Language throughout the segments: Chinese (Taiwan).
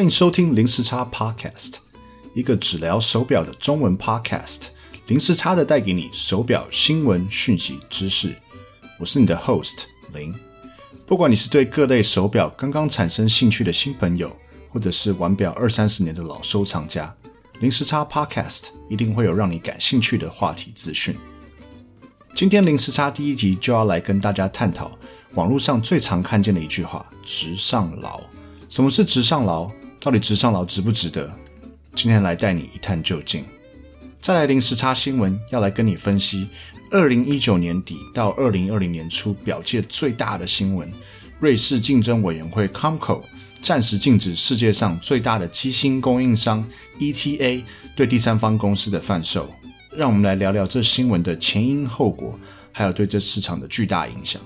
歡迎收聽《零時差》Podcast，一個只聊手錶的中文 Podcast。零時差的帶給你手錶新聞、訊息、知識。我是你的 Host 林。不管你是對各類手錶剛剛產生興趣的新朋友，或者是玩表二三十年的老收藏家，《零時差》Podcast 一定會有讓你感興趣的話題資訊。今天《零時差》第一集就要來跟大家探討網絡上最常看見的一句話：“直上勞”。什麼是“直上勞”？到底直上勞值不值得？今天來帶你一探究竟。再來臨時差新聞，要來跟你分析，二零一九年底到二零二零年初表界最大的新聞，瑞士競爭委員會 Comco 暫時禁止世界上最大的機芯供應商 ETA 對第三方公司的販售。讓我們來聊聊這新聞的前因後果，還有對這市場的巨大影響。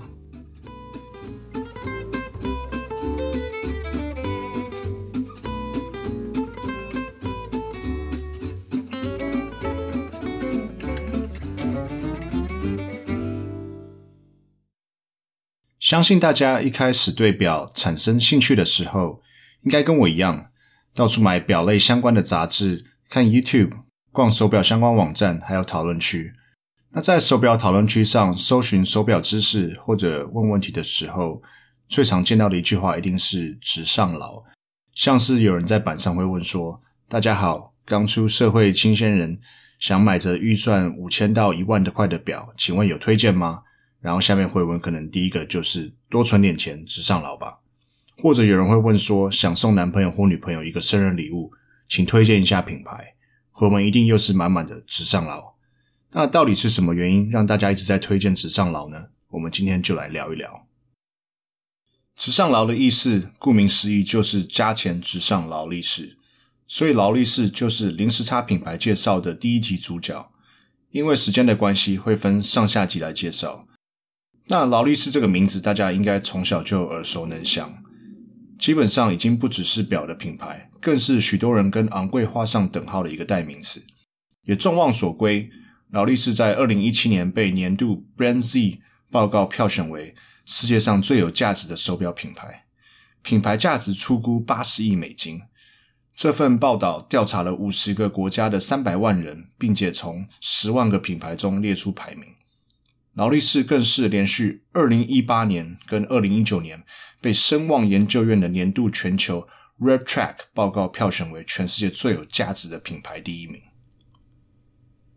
相信大家一開始對表產生興趣的時候，應該跟我一樣，到處買表類相關的雜誌，看 YouTube，逛手表相關網站，還有討論區。那在手表討論區上搜尋手表知識或者問問題的時候，最常見到的一句話一定是“直上勞”。像是有人在板上會問說：“大家好，剛出社會，新鮮人，想買着預算五千到一萬的塊的表，請問有推薦嗎？”然後下面回文可能第一個就是多存點錢，直上勞吧。或者有人會問說，想送男朋友或女朋友一個生日禮物，請推薦一下品牌。回文一定又是滿滿的直上勞。那到底是什麼原因讓大家一直在推薦直上勞呢？我們今天就來聊一聊。直上勞的意思，顧名思義就是加錢直上勞力士，所以勞力士就是臨時差品牌介紹的第一集主角。因為時間的關係，會分上下集來介紹。那勞力士這個名字，大家應該從小就耳熟能詳，基本上已經不只是錶的品牌，更是許多人跟昂貴畫上等號的一個代名詞，也眾望所歸。勞力士在二零一七年被年度 BrandZ 報告票選為世界上最有價值的手錶品牌，品牌價值初估八十億美金。這份報道調查了五十個國家的三百萬人，並且從十萬個品牌中列出排名。勞力士更是連續二零一八年跟二零一九年被聲望研究院的年度全球 RepTrak 報告票選為全世界最有價值的品牌第一名。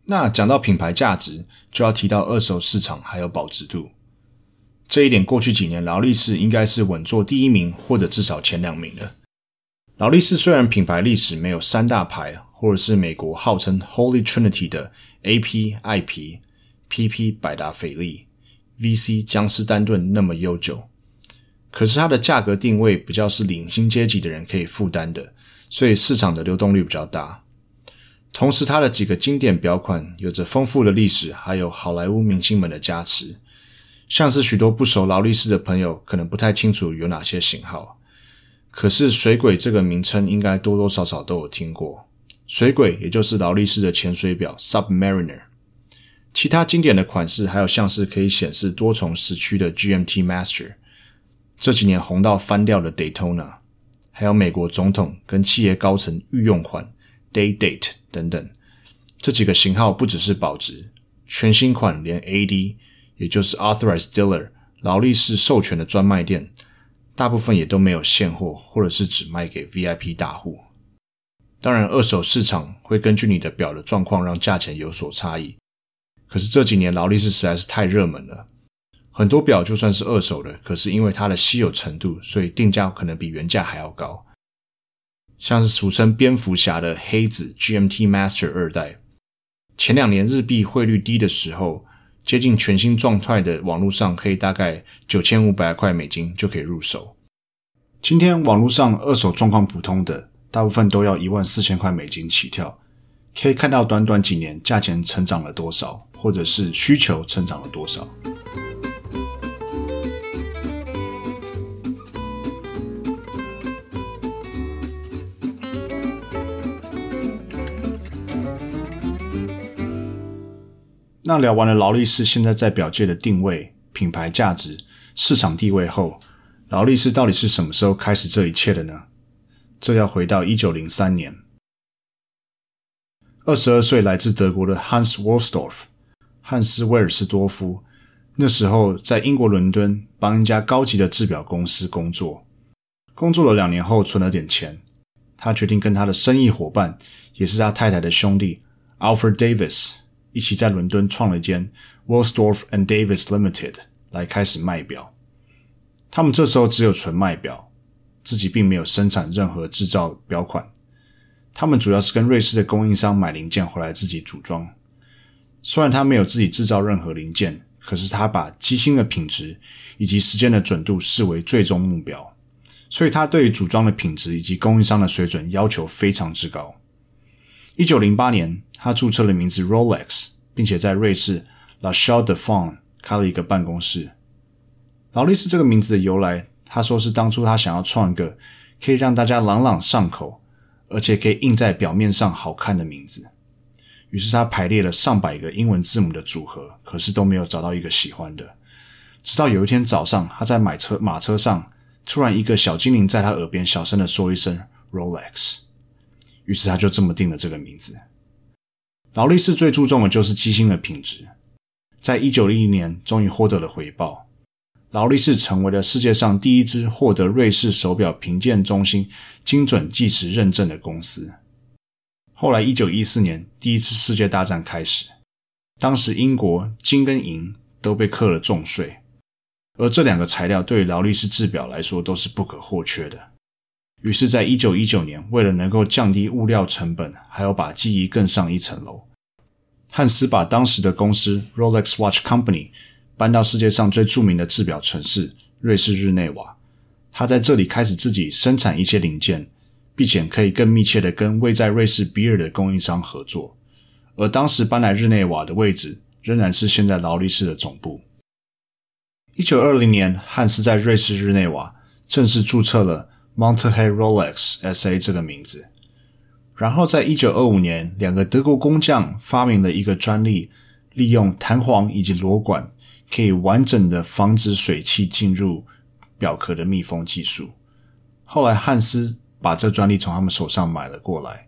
那講到品牌價值，就要提到二手市場還有保值度。這一點過去幾年，勞力士應該是穩坐第一名或者至少前兩名了。勞力士雖然品牌歷史沒有三大牌，或者是美國號稱 Holy Trinity 的 A P I P。P.P. 百達翡麗、V.C. 江詩丹頓那麼悠久，可是它的價格定位比較是領薪階級的人可以負擔的，所以市場的流動率比較大。同時，它的幾個經典表款有着豐富的歷史，還有好萊塢明星們的加持。像是許多不熟勞力士的朋友，可能不太清楚有哪些型號，可是“水鬼”這個名稱應該多多少少都有聽過。水鬼也就是勞力士的潛水表 Submariner。Sub 其他經典的款式還有像是可以顯示多重時區的 GMT Master，這幾年紅到翻掉的 Daytona，還有美國總統跟企業高層御用款 Day Date 等等，這幾個型號不只是保值，全新款連 AD，也就是 Authorized Dealer 勞力士授權的專賣店，大部分也都沒有現貨，或者是只賣給 VIP 大戶。當然，二手市場會根據你的表的狀況讓價錢有所差異。可是這幾年勞力士實在是太熱門了，很多表就算是二手的，可是因為它的稀有程度，所以定價可能比原價還要高。像是俗稱蝙蝠俠的黑子 GMT Master 二代，前兩年日幣匯率低的時候，接近全新狀態的網絡上可以大概九千五百塊美金就可以入手。今天網絡上二手狀況普通的，大部分都要一萬四千塊美金起跳。可以看到短短幾年價錢成長了多少。或者是需求成長了多少？那聊完了勞力士現在在表界的定位、品牌價值、市場地位後，勞力士到底是什麼時候開始這一切的呢？這要回到一九零三年，二十二歲來自德國的 Hans Wilsdorf 漢斯·威爾斯多夫那時候在英國倫敦幫一家高級的制表公司工作，工作了兩年後存了點錢，他決定跟他的生意夥伴，也是他太太的兄弟 Alfred Davis 一起在倫敦創了一間 Wilsdorf and Davis Limited 來開始賣表。他們這時候只有純賣表，自己並沒有生產任何制造表款，他們主要是跟瑞士的供應商買零件回來自己組裝。雖然他沒有自己製造任何零件，可是他把機芯的品質以及時間的準度視為最終目標，所以他對於組裝的品質以及供應商的水準要求非常之高。一九零八年，他注冊了名字 “Rolex”，並且在瑞士 La Chaux-de-Fonds 開了一個辦公室。勞力士這個名字的由來，他說是當初他想要創一個可以讓大家朗朗上口，而且可以印在表面上好看的名字。於是他排列了上百個英文字母的組合，可是都沒有找到一個喜歡的。直到有一天早上，他在買車馬車上，突然一個小精靈在他耳邊小聲地說一聲 “Rolex”，於是他就這麼定了這個名字。勞力士最注重的就是機芯的品質，在一九零零年終於獲得了回報。勞力士成為了世界上第一支獲得瑞士手表評鑑中心精準計時認證的公司。後來，一九一四年，第一次世界大戰開始。當時，英國金跟銀都被課了重稅，而這兩個材料對於勞力士製錶來說都是不可或缺的。於是，在一九一九年，為了能夠降低物料成本，還要把技藝更上一層樓，漢斯把當時的公司 Rolex Watch Company 搬到世界上最著名的製錶城市瑞士日內瓦。他在這裡開始自己生產一些零件。並且可以更密切地跟位在瑞士比爾的供應商合作，而當時搬來日內瓦的位置仍然是現在勞力士的總部。一九二零年，漢斯在瑞士日內瓦正式註冊了 Montres Rolex S.A. 這個名字。然後在一九二五年，兩個德國工匠發明了一個專利，利用彈簧以及螺管，可以完整的防止水汽進入錶殼的密封技術。後來漢斯。把這專利從他們手上買了過來，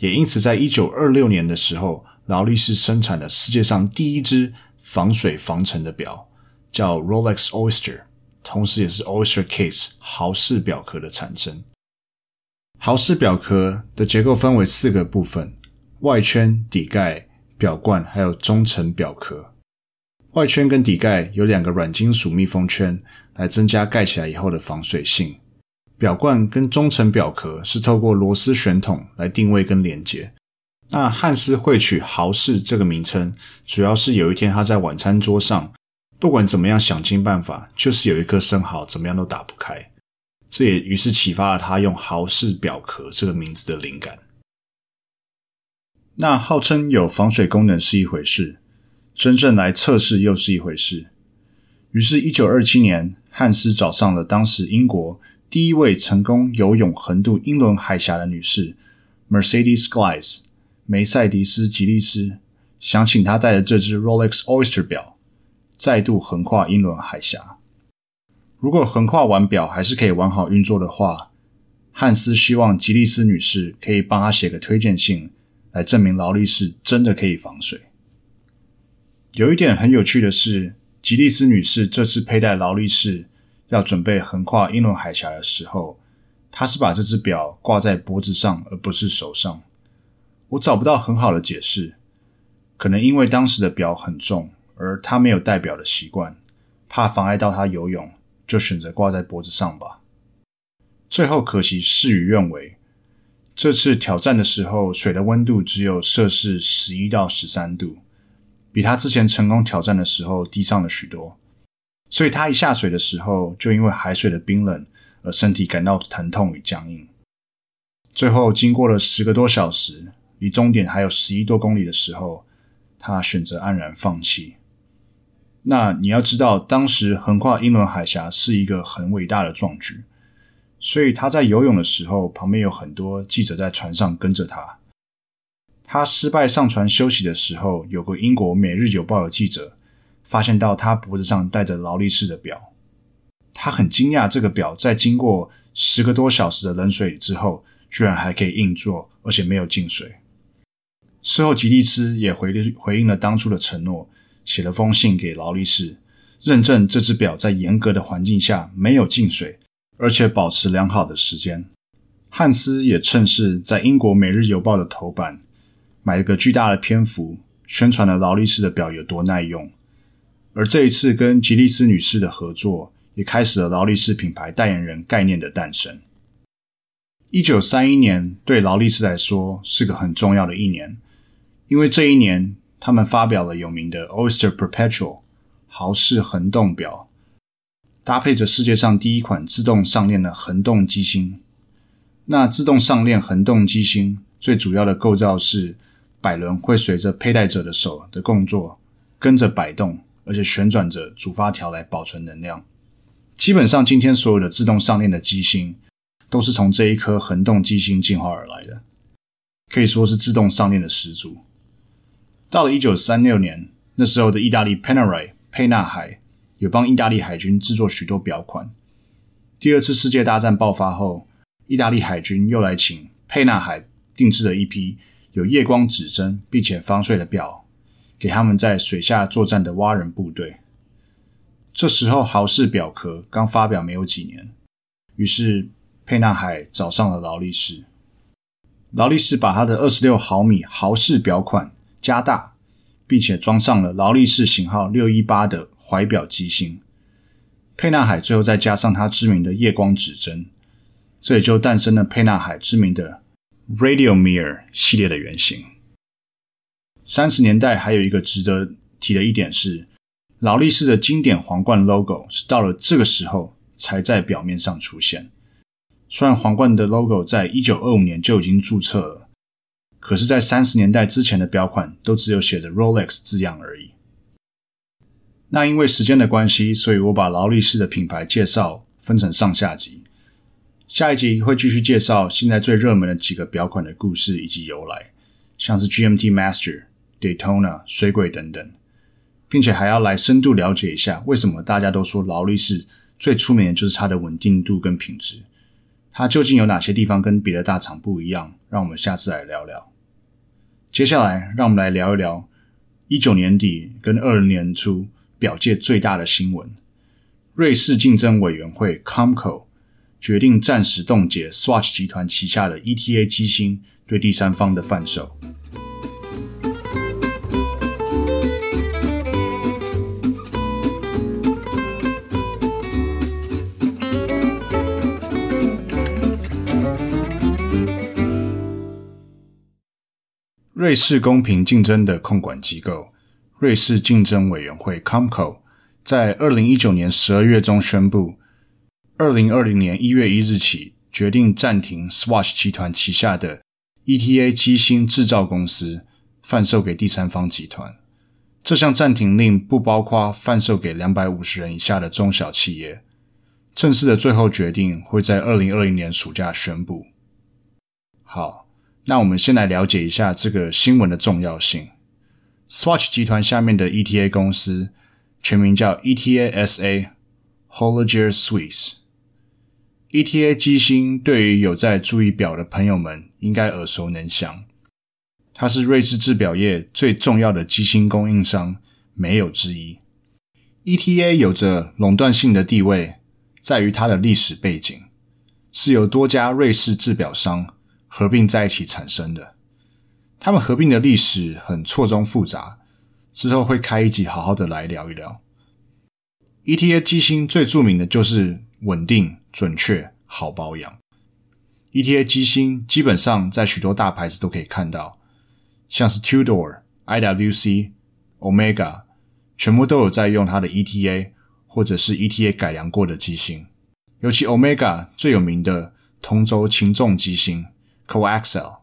也因此在一九二六年的時候，勞力士生產了世界上第一隻防水防塵的錶，叫 Rolex Oyster，同時也是 Oyster Case 蠔式錶殼的產生。蠔式錶殼的結構分為四個部分：外圈、底蓋、錶冠，還有中層錶殼。外圈跟底蓋有兩個軟金屬密封圈，來增加蓋起來以後的防水性。表冠跟中層表殼是透過螺絲旋筒來定位跟連接。那漢斯會取蠔式這個名稱，主要是有一天他在晚餐桌上，不管怎麼樣想盡辦法，就是有一顆生蠔怎麼樣都打不開，這也於是啟發了他用蠔式表殼這個名字的靈感。那號稱有防水功能是一回事，真正來測試又是一回事。於是，一九二七年，漢斯找上了當時英國。第一位成功游泳橫渡英倫海峽的女士，Mercedes Glies，梅賽迪斯·吉利斯，想請她帶着這隻 Rolex Oyster 表，再度橫跨英倫海峽。如果橫跨完表還是可以完好運作的話，漢斯希望吉利斯女士可以幫她寫個推薦信，來證明勞力士真的可以防水。有一點很有趣的是，吉利斯女士這次佩戴勞力士。要準備橫跨英倫海峽的時候，他是把這隻表掛在脖子上，而不是手上。我找不到很好的解釋，可能因為當時的表很重，而他沒有戴表的習慣，怕妨礙到他游泳，就選擇掛在脖子上吧。最後，可惜事與願違，這次挑戰的時候，水的溫度只有攝氏十一到十三度，比他之前成功挑戰的時候低上了許多。所以他一下水的時候，就因為海水的冰冷而身體感到疼痛與僵硬。最後，經過了十個多小時，離終點還有十一多公里的時候，他選擇黯然放棄。那你要知道，當時橫跨英倫海峽是一個很偉大的壯舉，所以他在游泳的時候，旁邊有很多記者在船上跟着他。他失敗上船休息的時候，有個英國《每日郵報》的記者。發現到他脖子上戴着勞力士的表，他很驚訝這個表在經過十個多小時的冷水之後，居然還可以硬座，而且沒有進水。事後吉利斯也回回應了當初的承諾，寫了封信給勞力士，認證這只表在嚴格的環境下沒有進水，而且保持良好的時間。漢斯也趁勢在英國《每日郵報》的頭版買了個巨大的篇幅，宣傳了勞力士的表有多耐用。而這一次跟吉利斯女士的合作，也開始了勞力士品牌代言人概念的誕生。一九三一年對勞力士來說是個很重要的一年，因為這一年他們發表了有名的 Oyster Perpetual 蠔式恆動表，搭配着世界上第一款自動上鏈的恆動機芯。那自動上鏈恆動機芯最主要的構造是擺輪會隨着佩戴者的手的動作跟着擺動。而且旋轉着主發條來保存能量。基本上，今天所有的自動上鏈的機芯，都是從這一顆恆動機芯進化而來的，可以說是自動上鏈的始祖。到了一九三六年，那時候的意大利 Panerai 沛納海有幫意大利海軍制作許多表款。第二次世界大戰爆發後，意大利海軍又來請沛納海定制了一批有夜光指針並且防水的表。給他們在水下作戰的蛙人部隊。這時候蠔式表殼剛發表沒有幾年，於是沛納海找上了勞力士。勞力士把它的二十六毫米蠔式表款加大，並且裝上了勞力士型號六一八的懷表機芯。沛納海最後再加上他知名的夜光指針，這也就誕生了沛納海知名的 Radiomir 系列的原型。三十年代還有一個值得提的一點是，勞力士的經典皇冠 logo 是到了這個時候才在表面上出現雖然皇冠的 logo 在一九二五年就已經註冊了，可是，在三十年代之前的表款都只有寫着 Rolex 字樣而已。那因為時間的關係，所以我把勞力士的品牌介紹分成上下集。下一集會繼續介紹現在最熱門的幾個表款的故事以及由來，像是 GMT Master。Daytona、水鬼等等，並且還要來深度了解一下為什麼大家都說勞力士最出名的就是它的穩定度跟品質，它究竟有哪些地方跟別的大廠不一樣？讓我們下次來聊聊。接下來，讓我們來聊一聊一九年底跟二零年初表界最大的新聞：瑞士競爭委員會 COMCO 決定暫時凍結 Swatch 集團旗下的 ETA 機芯對第三方的販售。瑞士公平競爭的控管機構瑞士競爭委員會 Comco 在二零一九年十二月中宣佈，二零二零年一月一日起決定暫停 Swatch 集團旗下的 ETA 機芯製造公司販售給第三方集團。這項暫停令不包括販售給兩百五十人以下的中小企業。正式的最後決定會在二零二零年暑假宣佈。好。那我們先來了解一下這個新聞的重要性。Swatch 集團下面的 ETA 公司全名叫 ETA SA Horlogère Suisse。ETA 機芯對於有在注意錶的朋友們應該耳熟能詳，它是瑞士製表業最重要的機芯供應商，沒有之一。ETA 有着壟斷性的地位，在於它的歷史背景，是由多家瑞士製表商合併在一起產生的，他們合併的歷史很錯綜複雜。之後會開一集，好好的來聊一聊。ETA 機芯最著名的就是穩定、準確、好保養。ETA 機芯基本上在許多大牌子都可以看到，像是 Tudor、IWC、Omega，全部都有在用它的 ETA 或者是 ETA 改良過的機芯。尤其 Omega 最有名的同軸擒縱機芯。Coaxel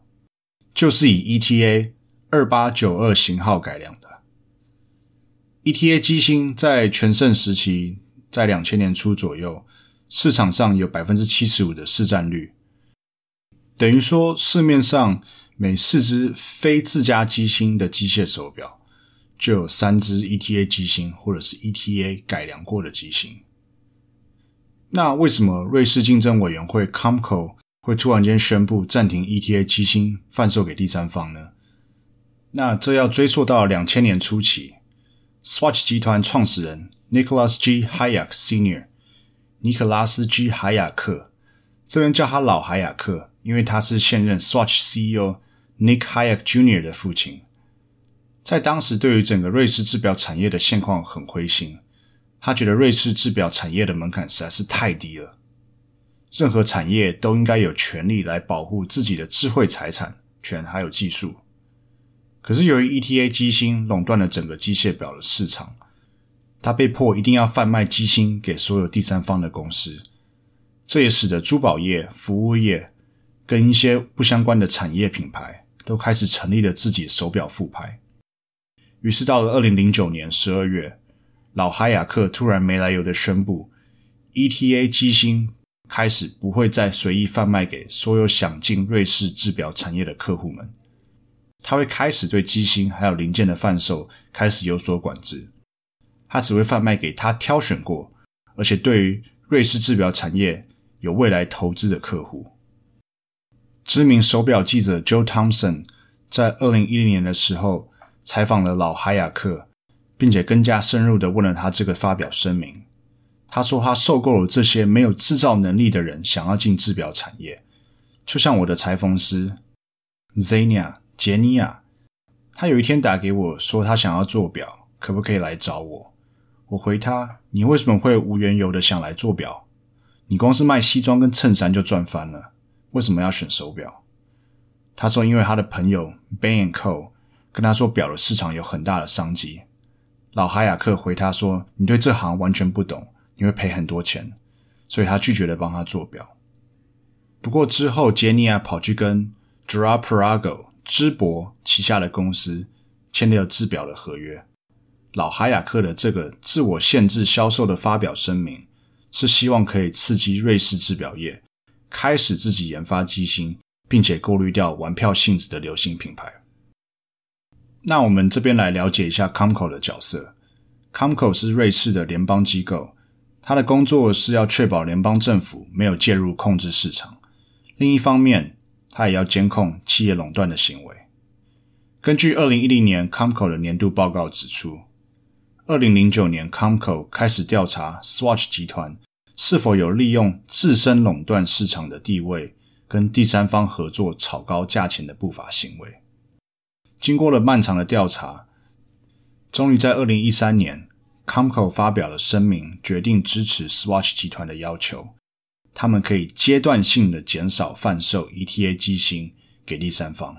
就是以 ETA 二八九二型號改良的。ETA 機芯在全盛時期，在兩千年初左右，市場上有百分之七十五的市佔率，等於說市面上每四隻非自家機芯的機械手錶，就有三隻 ETA 機芯或者是 ETA 改良過的機芯。那為什麼瑞士競爭委員會 Comco 會突然間宣布暫停 ETA 機芯販售給第三方呢？那這要追溯到兩千年初期，Swatch 集團創始人 Nicholas G. Hayek Senior，尼可拉斯 G 海雅克，這人叫他老海雅克，因為他是現任 Swatch CEO Nick Hayek Junior 的父親。在當時，對於整個瑞士製錶產業的現況很灰心，他覺得瑞士製錶產業的門檻實在是太低了。任何產業都應該有權利來保護自己的智慧財產權還有技術。可是，由於 ETA 機芯壟斷了整個機械表的市場，它被迫一定要販賣機芯給所有第三方的公司。這也使得珠寶業、服務業跟一些不相關的產業品牌都開始成立了自己手表副牌。於是，到了二零零九年十二月，老哈雅克突然沒來由的宣布 ETA 機芯。開始不會再隨意販賣給所有想進瑞士製錶產業的客戶們，他會開始對機芯還有零件的販售開始有所管制，他只會販賣給他挑選過，而且對於瑞士製錶產業有未來投資的客戶。知名手表記者 Joe Thompson 在二零一零年的時候採訪了老哈雅克，並且更加深入的問了他這個發表聲明。他說：“他受夠了這些沒有製造能力的人想要進制表產業，就像我的裁縫師 Zenia 傑尼亞，他有一天打給我，說他想要做表，可不可以來找我？我回他：你為什麼會無緣由的想來做表？你光是賣西裝跟襯衫就賺翻了，為什麼要選手表？”他說：“因為他的朋友 Ben & Co 跟他說，表的市場有很大的商機。”老哈雅克回他說：“你對這行完全不懂。”因為賠很多錢，所以他拒絕了幫他做表。不過之後，傑尼亞跑去跟 Girard Perregaux 芝柏旗下的公司簽了製表的合約。老哈雅克的這個自我限制銷售的發表聲明，是希望可以刺激瑞士製表業開始自己研發機芯，並且過濾掉玩票性質的流行品牌。那我們這邊來了解一下 COMCO 的角色。COMCO 是瑞士的聯邦機構。他的工作是要確保聯邦政府沒有介入控制市場，另一方面，他也要監控企業壟斷的行為。根據二零一零年 COMCO 的年度報告指出，二零零九年 COMCO 開始調查 Swatch 集團是否有利用自身壟斷市場的地位，跟第三方合作炒高價錢的不法行為。經過了漫長的調查，終於在二零一三年，Comco 發表了聲明，決定支持 Swatch 集團的要求。他們可以階段性的減少販售 ETA 機芯給第三方。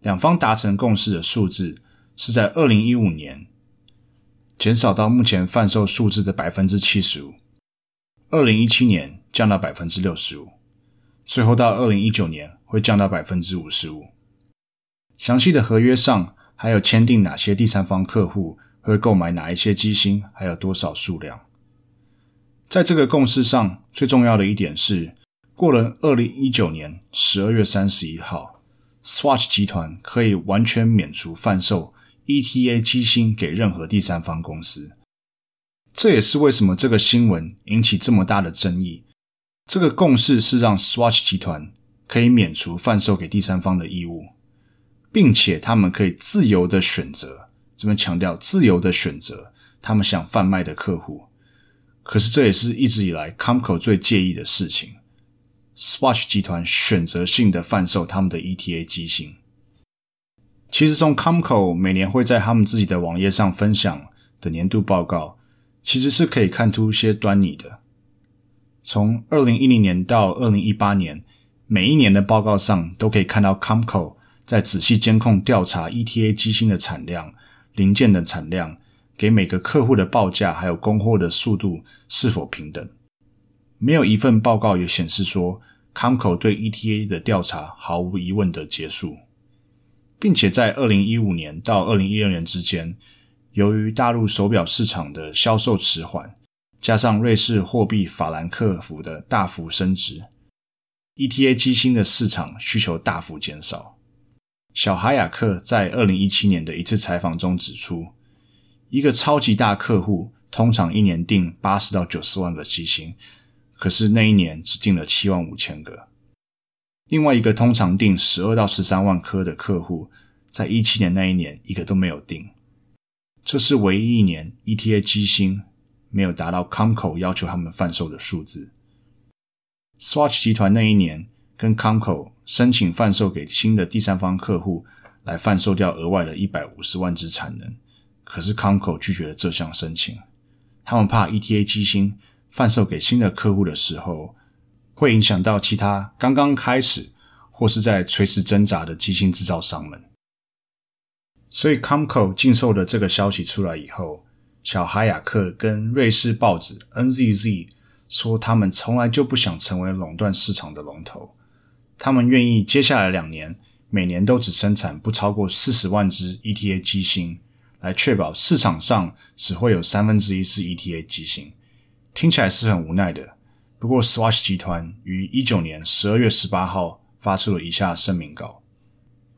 兩方達成共識的數字是在2015年減少到目前販售數字的百分之七十五，2017年降到百分之六十五，最後到2019年會降到百分之五十五。詳細的合約上還有簽訂哪些第三方客戶，會購買哪一些機芯，還有多少數量？在這個共識上，最重要的一點是，過了二零一九年十二月三十一號，Swatch 集團可以完全免除販售 ETA 機芯給任何第三方公司。這也是為什麼這個新聞引起這麼大的爭議。這個共識是讓 Swatch 集團可以免除販售給第三方的義務，並且他們可以自由的選擇。這邊強調自由的選擇，他們想販賣的客戶，可是這也是一直以來 Comco 最介意的事情。Swatch 集團選擇性的販售他們的 ETA 機芯，其實從 Comco 每年會在他們自己的網頁上分享的年度報告，其實是可以看出一些端倪的。從二零一零年到二零一八年，每一年的報告上都可以看到 Comco 在仔細監控調查 ETA 機芯的產量、零件的產量、給每個客戶的報價，還有供貨的速度是否平等？沒有一份報告也顯示說，COMCO 對 ETA 的調查毫無疑問的結束，並且在二零一五年到二零一六年之間，由於大陸手表市場的銷售遲緩，加上瑞士貨幣法蘭克福的大幅升值，ETA 機芯的市場需求大幅減少。小哈雅克在二零一七年的一次採訪中指出，一個超級大客戶通常一年訂八十到九十萬個機芯，可是那一年只訂了七萬五千個。另外一個通常訂十二到十三萬顆的客戶，在一七年那一年一個都沒有訂。這是唯一一年 ETA 機芯沒有達到 COMCO 要求他們販售的數字。Swatch 集團那一年跟 COMCO 申請販售給新的第三方客戶來販售掉額外的150萬隻產能，可是康口 co 拒絕了這項申請。他們怕 ETA 機芯販售給新的客戶的時候，會影響到其他剛剛開始或是在垂直掙扎的機芯製造商們。所以康口 co 禁售的這個消息出來以後，小哈雅克跟瑞士報紙 NZZ 說，他們從來就不想成為壟斷市場的龍頭。他們願意接下來兩年每年都只生產不超過四十萬只 ETA 機芯，來確保市場上只會有三分之一是 ETA 機芯。聽起來是很無奈的。不過 Swatch 集團於一九年十二月十八號發出了以下聲明稿：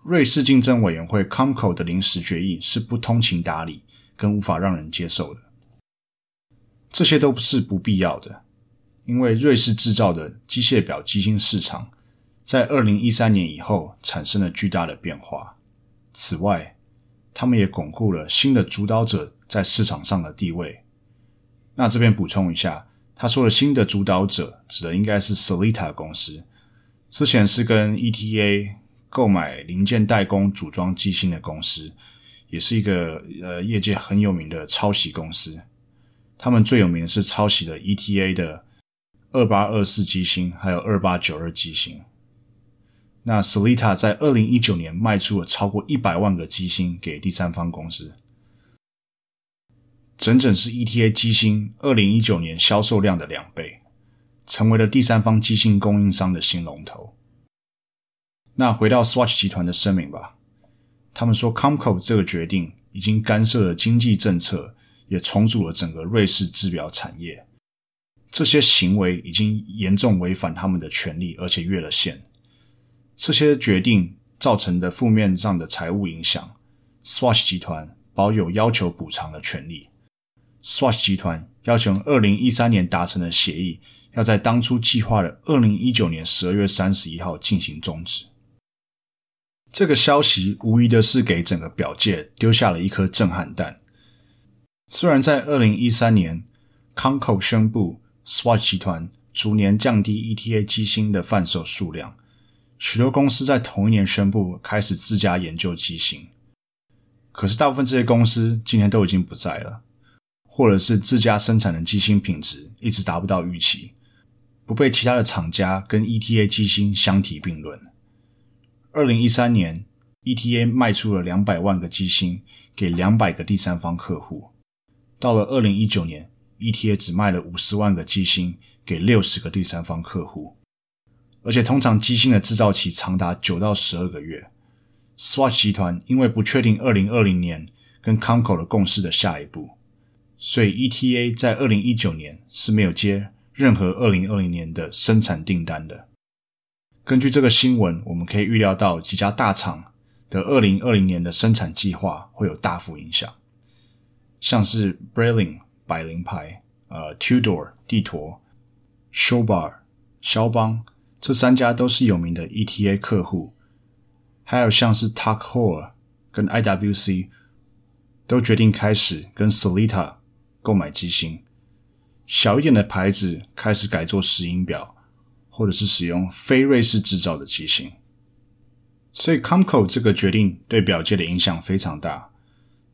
瑞士競爭委員會 COMCO 的臨時決議是不通情達理跟無法讓人接受的。這些都是不必要的，因為瑞士制造的機械表機芯市場。在二零一三年以後，產生了巨大的變化。此外，他們也鞏固了新的主導者在市場上的地位。那這邊補充一下，他說的新的主導者指的應該是 Selita 公司，之前是跟 ETA 購買零件代工組裝機芯的公司，也是一個呃業界很有名的抄襲公司。他們最有名的是抄襲的 ETA 的二八二四機芯，還有二八九二機芯。那 Sellita 在二零一九年賣出了超過一百萬個機芯給第三方公司，整整是 ETA 機芯二零一九年銷售量的兩倍，成為了第三方機芯供應商的新龍頭。那回到 Swatch 集團的聲明吧，他們說 Comco、um、這個決定已經干涉了經濟政策，也重組了整個瑞士製表產業，這些行為已經嚴重違反他們的權利，而且越了線。這些決定造成的負面上的財務影響，Swatch 集團保有要求補償的權利。Swatch 集團要求2013年達成的協議要在當初計劃的2019年12月31號進行終止。這個消息無疑的是給整個表界丟下了一顆震撼彈。雖然在2013年，康扣宣布 Swatch 集團逐年降低 ETA 機芯的販售數量。許多公司在同一年宣布開始自家研究機芯，可是大部分這些公司今年都已經不在了，或者是自家生產的機芯品質一直達不到預期，不被其他的廠家跟 ETA 機芯相提並論。二零一三年，ETA 賣出了兩百萬個機芯給兩百個第三方客戶，到了二零一九年，ETA 只賣了五十萬個機芯給六十個第三方客戶。而且通常機芯的製造期長達九到十二個月。Swatch 集團因為不確定二零二零年跟 COMCO 的共識的下一步，所以 ETA 在二零一九年是沒有接任何二零二零年的生產訂單的。根據這個新聞，我們可以預料到幾家大廠的二零二零年的生產計劃會有大幅影響，像是 Breitling 百靈牌、呃 Tudor 帝舵、Chopard 肖邦。這三家都是有名的 ETA 客戶，還有像是 TAG Heuer 跟 IWC 都決定開始跟 Sellita 購買機芯，小一點的牌子開始改做石英錶，或者是使用非瑞士製造的機芯。所以 COMCO 這個決定對錶界的影響非常大。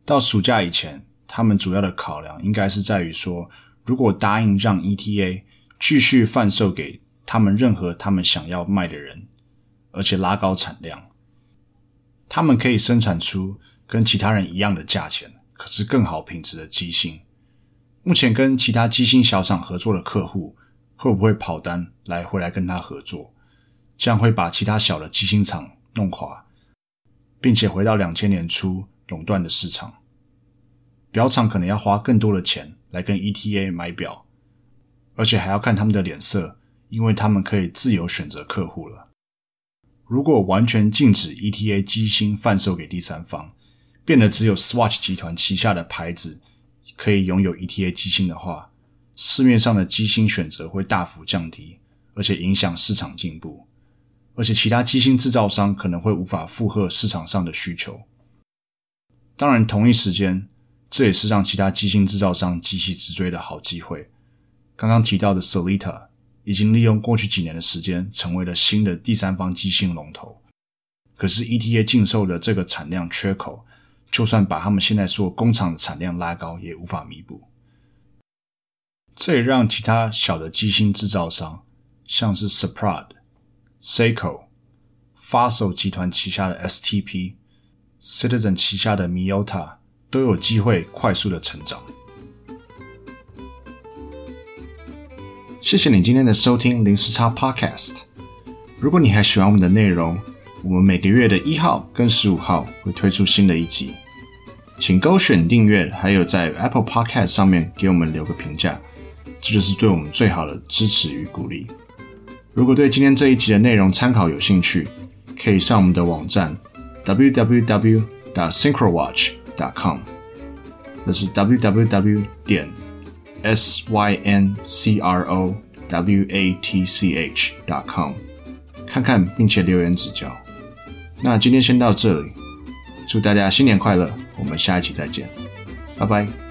到暑假以前，他們主要的考量應該是在於說，如果答應讓 ETA 繼續販售給他們任何他們想要賣的人，而且拉高產量，他們可以生產出跟其他人一樣的價錢，可是更好品質的機芯。目前跟其他機芯小廠合作的客戶，會不會跑單來回來跟他合作？這樣會把其他小的機芯廠弄垮，並且回到兩千年初壟斷的市場。表廠可能要花更多的錢來跟 ETA 買表，而且還要看他們的臉色。因為他們可以自由選擇客戶了。如果完全禁止 ETA 機芯販售給第三方，變得只有 Swatch 集團旗下的牌子可以擁有 ETA 機芯的話，市面上的機芯選擇會大幅降低，而且影響市場進步。而且其他機芯製造商可能會無法負荷市場上的需求。當然，同一時間，這也是讓其他機芯製造商急起直追的好機會。剛剛提到的 Sellita。已經利用過去幾年的時間，成為了新的第三方機芯龍頭。可是，ETA 禁售的這個產量缺口，就算把他們現在做工廠的產量拉高，也無法彌補。這也讓其他小的機芯製造商，像是 Soprod、Seiko、Fossil 集團旗下的 STP、Citizen 旗下的 Miyota，都有機會快速的成長。謝謝你今天的收聽《臨時差 Podcast》。如果你還喜歡我們的內容，我們每個月的一號跟十五號會推出新的一集，請勾選訂閱，還有在 Apple Podcast 上面給我們留個評價，這就是對我們最好的支持與鼓勵。如果對今天這一集的內容參考有興趣，可以上我們的網站 www.synchrowatch.com，這是 www 點。s, s y n c r o w a t c h dot com 看看，並且留言指教。那今天先到這裡，祝大家新年快樂！我們下一期再見，拜拜。